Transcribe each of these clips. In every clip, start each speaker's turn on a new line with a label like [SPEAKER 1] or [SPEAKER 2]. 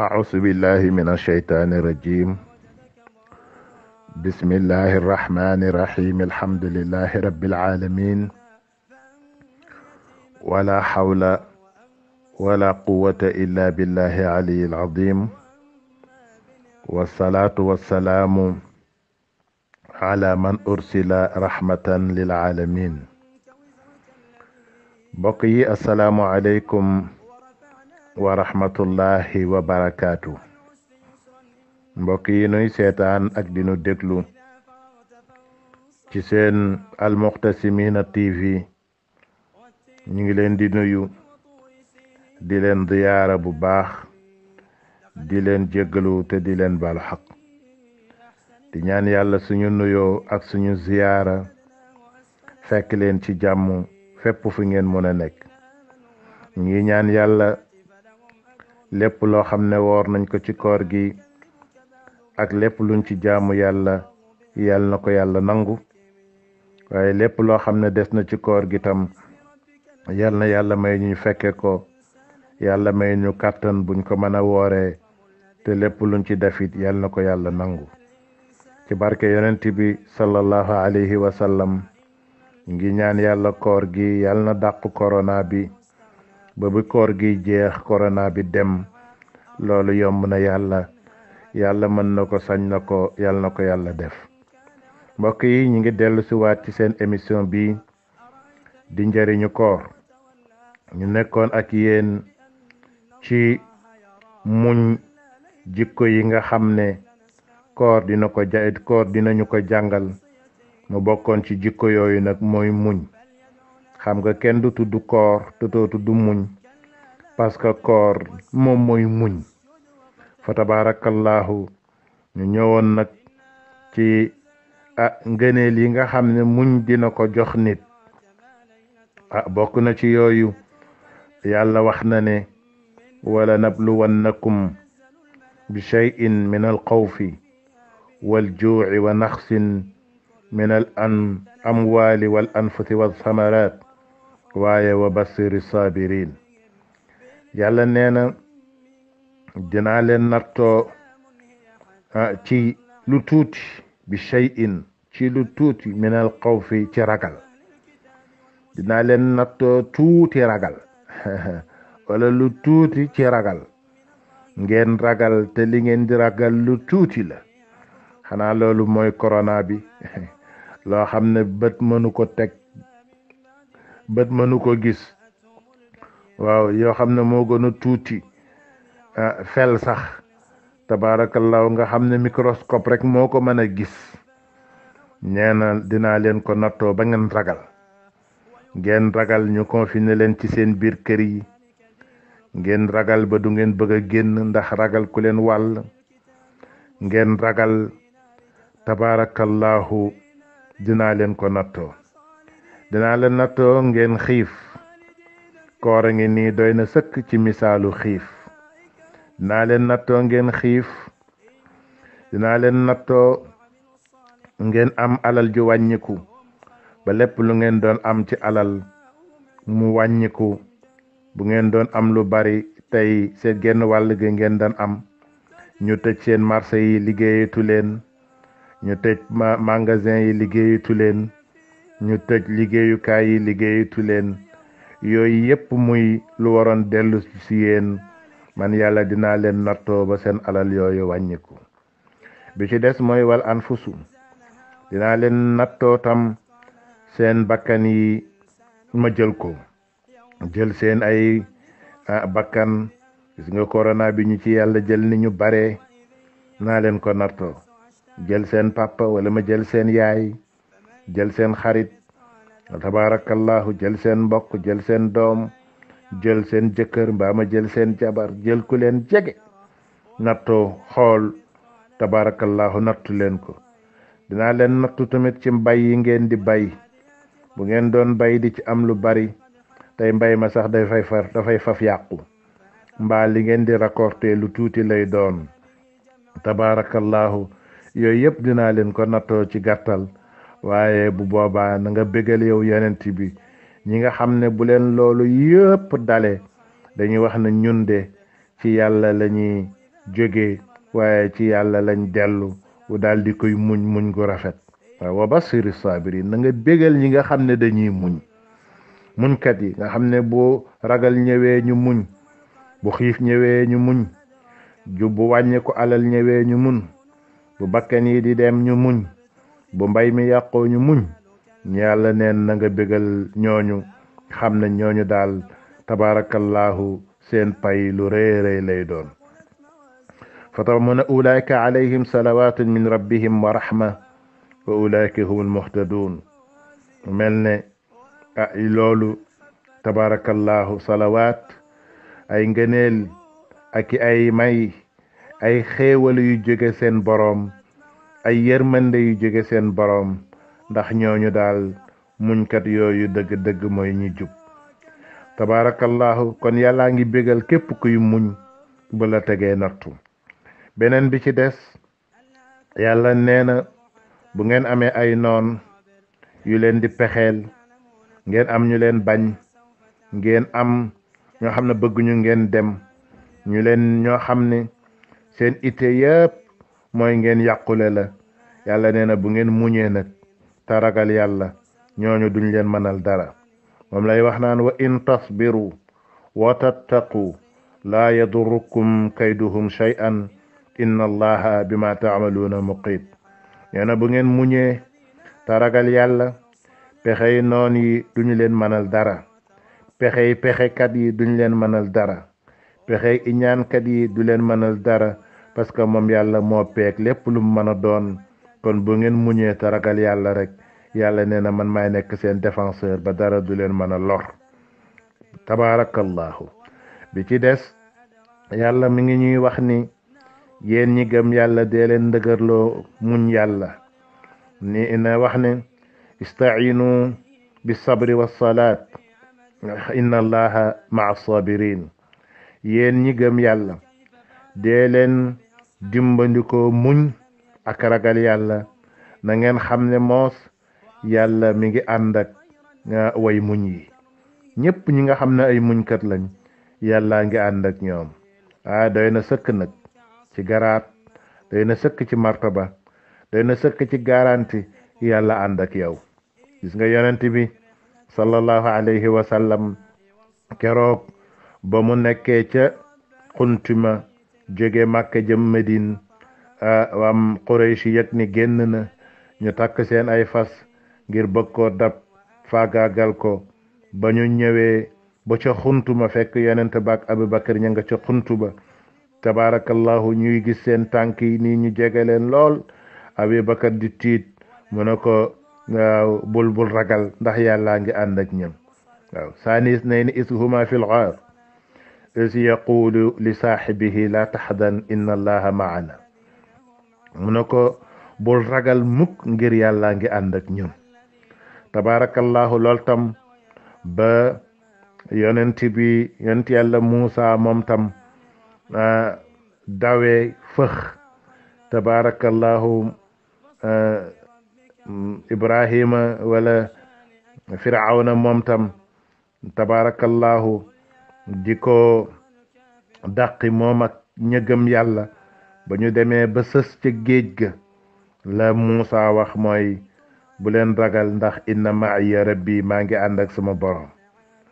[SPEAKER 1] أعوذ بالله من الشيطان الرجيم بسم الله الرحمن الرحيم الحمد لله رب العالمين ولا حول ولا قوة إلا بالله علي العظيم والصلاة والسلام على من أرسل رحمة للعالمين بقي السلام عليكم wa rahmatullahi wa barakaatu mbokk yi nuy seetaan ak dinu déglu ci seen almuxtasimina tv ñu ngi leen di nuyu di leen ziyaara bu baax di leen jéggalu te di leen baal xaq di ñaan yàlla suñu nuyoo ak suñu ziyaara fekk leen ci jàmm fépp fu ngeen mën a nekk ngi ñaan yàlla lépp loo xam ne woor nañ ko ci koor gi ak lépp luñ ci jaamu yàlla yàlla na ko yàlla nangu waaye lépp loo xam ne des na ci koor gi tam yàlla na yàlla may ñu fekke ko yàlla may ñu kàttan buñ ko mën a woore te lépp luñ ci defit yàlla na ko yàlla nangu ci barke yonent bi sallallahu alayhi wa ngi ñaan yàlla koor gi yàlla na dàq korona bi ba bu koor gi jeex korona bi dem loolu yomb na yàlla yàlla mën na ko sañ na ko yàlla na ko yàlla def mbokk yi ñu ngi dellu si ci seen émission bi di njariñu koor ñu nekkoon ak yéen ci muñ jikko yi nga xam ne koor dina ko ja koor dinañu ko jàngal mu bokkoon ci jikko yooyu nag mooy muñ xam nga kenn du tudd koor te doo muñ parce koor moom mooy muñ fa tabaarakallaahu ñu ñëwoon nag ci ah ngëneel yi nga xam ne muñ dina ko jox nit ah bokk na ci yooyu yàlla wax na ne wala nabluwannakum bi cheyin min al xawfi waljuuci wa naxsin min al amwaali wal anfusi walsamaraat waaye wa basiri sabirin yàlla nee na dinaa leen nattoo ci lu tuuti bi in ci lu tuuti min al xawfi ci ragal dinaa leen nattoo tuuti ragal wala lu tuuti ci ragal ngeen ragal te li ngeen di ragal lu tuuti la xanaa loolu mooy corona bi loo xam ne bët mënu ko teg Bet manu ko gis waaw yoo xam ne moo gën a tuuti fel ah, sax tabaarakallaahu nga xam ne microscope rek moo ko gis nee na dinaa ko nattoo ba ngeen ragal ngeen ragal ñu confiner leen ci seen biir kër yi ngeen ragal ba du ngeen bëgg a génn ndax ragal ku leen wàll ngeen ragal tabaarakallaahu dinaa leen ko nattoo dinaa leen nattoo ngeen xiif koor a ngi nii doy na sëkk ci misaalu xiif dinaa leen nattoo ngeen xiif dinaa leen nattoo ngeen am alal ju wàññiku ba lépp lu ngeen doon am ci alal mu wàññiku bu ngeen doon am lu bari tey seen genn wàll gi ngeen doon am ñu tëj seen marché yi liggéeyatu leen ñu tëj magasin yi liggéeyatu leen ñu tëj liggéeyukaay yi liggéeyatu leen yooyu yépp muy lu waroon dellu si yéen man yàlla dinaa leen nattoo ba seen alal yooyu wàññiku bi ci des mooy wal anfusu dinaa leen nattoo tam seen bakkan yi ma jël ko jël seen ay bakkan gis nga corona bi ñu ci yàlla jël ni ñu bare naa leen ko nattoo jël seen papa wala ma jël seen yaay jël seen xarit tabaarakallahu jël seen mbokk jël seen doom jël seen jëkkër mbaama jël seen jabar jël ku leen jege nattoo xool tabaarakallahu nattu leen ko dinaa leen nattu tamit ci mbay yi ngeen di bay bu ngeen doon bay di ci am lu bari tey mbay ma sax dafay far faf yàqu mbaa li ngeen di récolter lu tuuti lay doon tabaarakallahu yooyu yëpp dinaa leen ko nattoo ci gàttal waaye bu boobaa na nga bégal yow yenent bi ñi nga xam ne bu leen loolu yëpp dale dañuy wax ne ñun de ci yàlla lañuy jóge waaye ci yàlla lañ dellu daal di koy muñ muñ gu rafet waaw wa basiri saabiri na nga bégal ñi nga xam ne dañuy muñ muñkat yi nga xam ne bu ragal ñëwee ñu muñ bu xiif ñëwee ñu muñ ju bu wàññi ku alal ñëwee ñu mun bu bakkan yi di dem ñu muñ bu mbay mi yàqoo ñu muñ yàlla neen na nga bëggal ñooñu xam ne ñooñu daal tabaarakallaahu seen pay lu rëy rëy lay doon fata mu ne ulaayka alayhim salawatun min rabbihim wa rahma wa ulaayka humul muhtadun mel ne ah loolu tabaarakallaahu salawaat ay ngëneel ak i ay may ay xéewal yu jóge seen boroom ay yërmande yu jóge seen boroom ndax ñooñu daal muñkat yooyu dëgg-dëgg mooy ñi jub tabaarakallahu kon yàllaa ngi bégal képp kuy muñ bu la tegee nattu beneen bi ci des yàlla nee na bu ngeen amee ay noon yu leen di pexeel ngeen am ñu leen bañ ngeen am ñoo xam ne bëgguñu ngeen dem ñu leen ñoo xam ne seen ite yépp mooy ngeen yàqule la yàlla nee na bu ngeen muñee nag te ragal yàlla ñooñu duñ leen mënal dara moom lay wax naan wa in tasbiru wa tattaqu laa yadurukum kayduhum shay'an inna allaha bima taamaluuna muqiit nee na bu ngeen muñee te ragal yàlla pexey noon yi duñu leen mënal dara pexey pexekat yi duñu leen mënal dara pexey iñaankat yi du leen mënal dara parce que moom yàlla moo peek lépp lu mu mën a doon kon bu ngeen muñee te ragal yàlla rek yàlla nee na man maay nekk seen défenseur ba dara du leen mën a lor tabaarakallahu bi ci des yàlla mi ngi ñuy wax ni yéen ñi gëm yàlla dee leen ndëgërloo muñ yàlla ni na wax ne istainu bi sabri wa salaat inna allaha maa sabirin yéen ñi gëm yàlla dee leen dimbandikoo muñ ak ragal yàlla na ngeen xam ne moos yàlla mi ngi ànd ak way muñ yi ñépp ñi nga xam ne ay muñkat lañ yàlla ngi ànd ak ñoom ah doy na sëkk nag ci garaat doy na sëkk ci martaba doy na sëkk ci garanti yàlla ànd ak yow gis nga yonent bi sallallahu alayhi wa keroog ba mu nekkee ca xuntuma jóge Makka jëm Medine am Quraysh yëg ni génn na ñu takk seen ay fas ngir bëgg koo dab fagagal ko ba ñu ñëwee ba ca xuntu ma fekk yonent ba ak Abubakar ña nga ca xuntu ba tabaarakallahu ñuy gis seen tànk yi nii ñu jege leen lool Abubakar di tiit mu ne ko waaw bul ragal ndax yàlla ngi ànd ak ñoom waaw saanis nay ni is huma fil is yaqulu li saaxibihi la taxdan inna allaha maana mu ne ko bul ragal mukk ngir yàlla ngi ànd ak ñun tabaarakallaahu lool tam ba yonent bi yonent yàlla Muusa moom tam ah, dawe fëx tabaarakallaahu ah, Ibrahima wala Firawna moom tam tabaarakallaahu di ko dàqi moom ak ña yàlla ba ñu demee ba sës ca géej ga la Muusa wax mooy bu leen ragal ndax inna maaya bi maa ngi ànd ak sama borom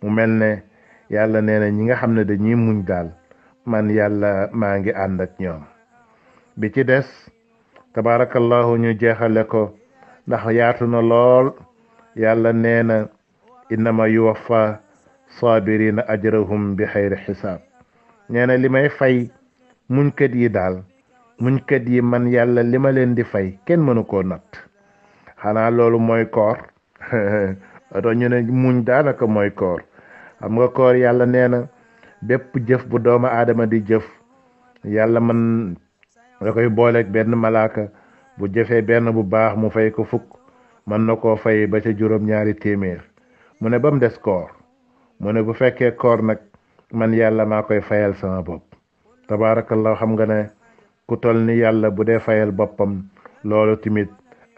[SPEAKER 1] mu mel ne yàlla nee na ñi nga xam ne dañuy muñ daal man yàlla maa ngi ànd ak ñoom bi ci des tabaarakallahu ñu jeexale ko ndax yaatu na lool yàlla nee na innama yuwaffa saabirina ajrahum bi xayri xisaab nee na li may fay muñkat yi daal muñkat yi man yàlla li ma leen di fay kenn mënu koo natt xanaa loolu mooy koor oto ñu ne muñ daanaka mooy koor xam nga koor yàlla nee na bépp jëf bu doomu aadama di jëf yàlla man da koy booleeg benn malaaka bu jëfee benn bu baax mu fay ko fukk mën na koo fay ba ca juróom-ñaari téeméer mu ne ba mu des koor mu ne bu fekkee koor nag man yàlla maa koy fayal sama bopp tabaarakallah xam nga ne ku tol ni yàlla bu dee fayal boppam loolu timit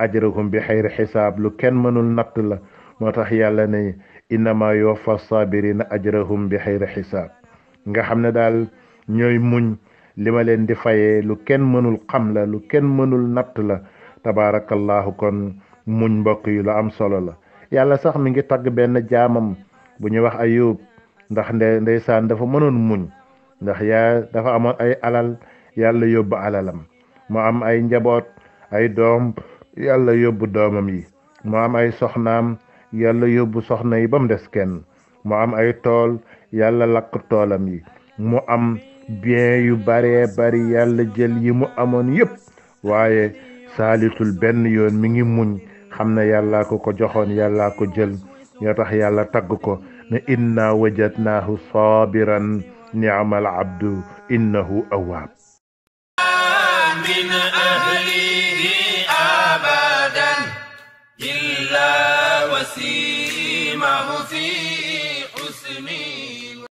[SPEAKER 1] ajrahum bi xayri xisaab lu kenn mënul natt la moo tax yàlla ne innama yuwaffa saabirina ajrahum bi xayri xisaab nga xam ne daal ñooy muñ li ma leen di fayee lu kenn mënul xam la lu kenn mënul natt la tabaarakallahu kon muñ mbokk yi lu am solo la yàlla sax mi ngi tagg benn jaamam buñu wax ayub ndax ndeysaan dafa mënon muñ ndax ya dafa amon ay alal yàlla yob alalam mo am ay njabot ay dom yàlla yob domam yi mo am ay soxnam yàlla yob soxna yi bam dess ken mo am ay tol yàlla lak tolam yi mo am bien yu bare bare yàlla jël yi mu amon yépp waye salitul ben yon mi ngi muñ xamna yalla ko ko joxoon yalla ko jël يتح يالا تقوكو إنا وجدناه صابرا نعم العبد إنه أواب من أهله أبدا إلا وسيمه في